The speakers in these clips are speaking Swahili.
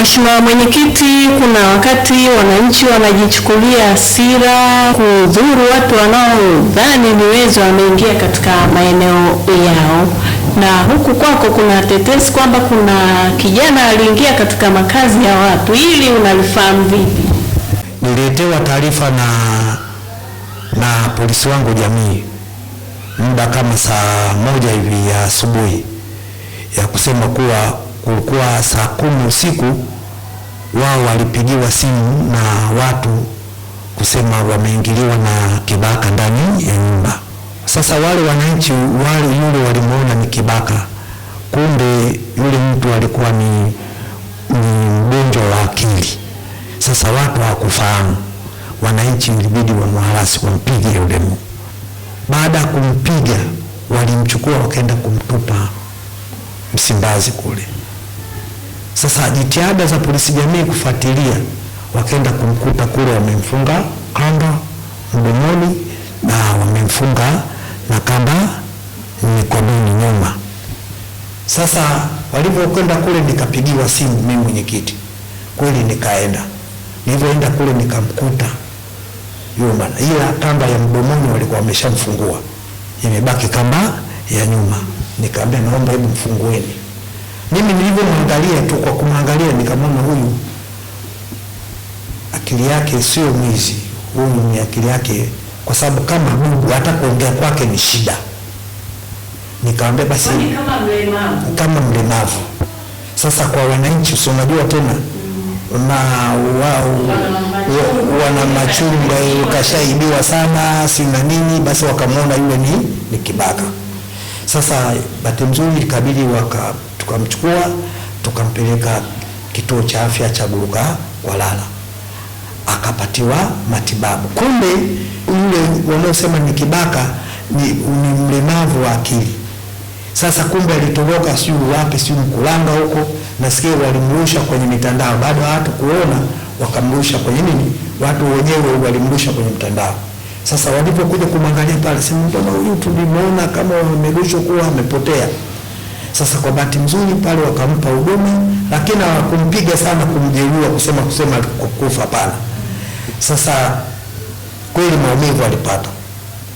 Mheshimiwa Mwenyekiti, kuna wakati wananchi wanajichukulia hasira kudhuru watu wanaodhani ni wezi wameingia katika maeneo yao, na huku kwako kuna tetesi kwamba kuna kijana aliingia katika makazi ya watu. ili unalifahamu vipi? Nililetewa taarifa na na polisi wangu jamii muda kama saa moja hivi ya asubuhi ya kusema kuwa kulikuwa saa kumi usiku, wao walipigiwa simu na watu kusema wameingiliwa na kibaka ndani ya nyumba. Sasa wale wananchi wale, yule walimwona ni kibaka, kumbe yule mtu alikuwa ni, ni mgonjwa wa akili. Sasa watu hawakufahamu, wananchi ilibidi wamwalasi wampige yule mtu. Baada ya kumpiga, walimchukua wakaenda kumtupa Msimbazi kule. Sasa jitihada za polisi jamii kufuatilia, wakaenda kumkuta kule, wamemfunga kamba mdomoni na wamemfunga na kamba mikononi nyuma. Sasa walivyokwenda kule, nikapigiwa simu mimi mwenyekiti, kweli nikaenda. Nilivyoenda kule nikamkuta yule ila kamba ya mdomoni walikuwa wameshamfungua, imebaki kamba ya nyuma. nikaambia naomba hebu mfungueni mimi nilivyomwangalia tu kwa kumwangalia nikamwona huyu akili yake sio mwizi, huyu ni akili yake, kwa sababu kama Mungu hata kuongea kwake ni shida. Nikamwambia basi kama mlemavu, kama mlemavu. Sasa kwa wananchi, si unajua tena na wao wana machumba ukashaibiwa sana sina nini, basi wakamwona yule ni ni kibaka. Sasa bahati nzuri ikabidi waka tukamchukua tukampeleka kituo cha afya cha kwa lala akapatiwa matibabu. Kumbe yule wanaosema ni kibaka ni, ni mlemavu wa akili. Sasa kumbe alitoroka sijui wapi, sijui Mkulanga huko, nasikia walimrusha kwenye mitandao, bado watu kuona wakamrusha kwenye nini, watu wenyewe walimrusha kwenye mtandao. Sasa walipokuja kumwangalia pale, simu mbona huyu tulimuona kama amerushwa kuwa amepotea. Sasa kwa bahati nzuri pale wakampa huduma, lakini hawakumpiga sana kumjeruhi, kusema kusema alikufa, hapana. Sasa kweli maumivu alipata,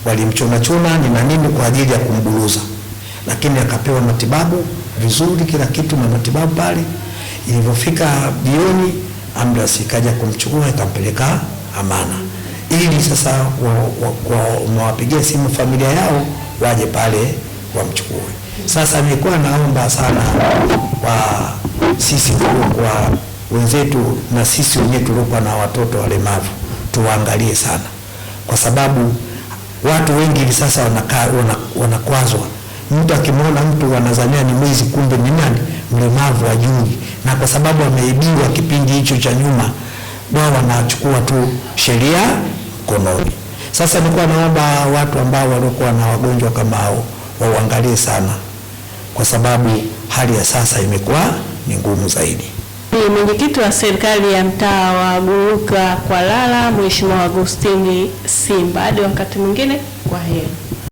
walimchoma chuma ni na nini kwa ajili ya kumburuza, lakini akapewa matibabu vizuri, kila kitu na matibabu pale. Ilivyofika jioni, ambulance ikaja kumchukua ikampeleka Amana ili sasa wa, wa, wa, wa, simu familia yao waje pale wamchukue. Sasa nilikuwa naomba sana kwa sisi kwa wenzetu na sisi wenyewe tuliokuwa na watoto walemavu tuwaangalie sana, kwa sababu watu wengi hivi sasa wanakaa wanakwazwa mtu akimwona mtu anazania ni mwizi, kumbe ni nani? Mlemavu ajui. Na kwa sababu ameibiwa kipindi hicho cha nyuma, wao wanachukua tu sheria mkononi. Sasa nilikuwa naomba watu ambao waliokuwa na wagonjwa kama hao wauangalie sana kwa sababu hali ya sasa imekuwa ni ngumu zaidi. Ni mwenyekiti wa serikali ya mtaa wa guruka kwa Lala, Mheshimiwa Agustini Simba. Hadi wakati mwingine, kwa heri.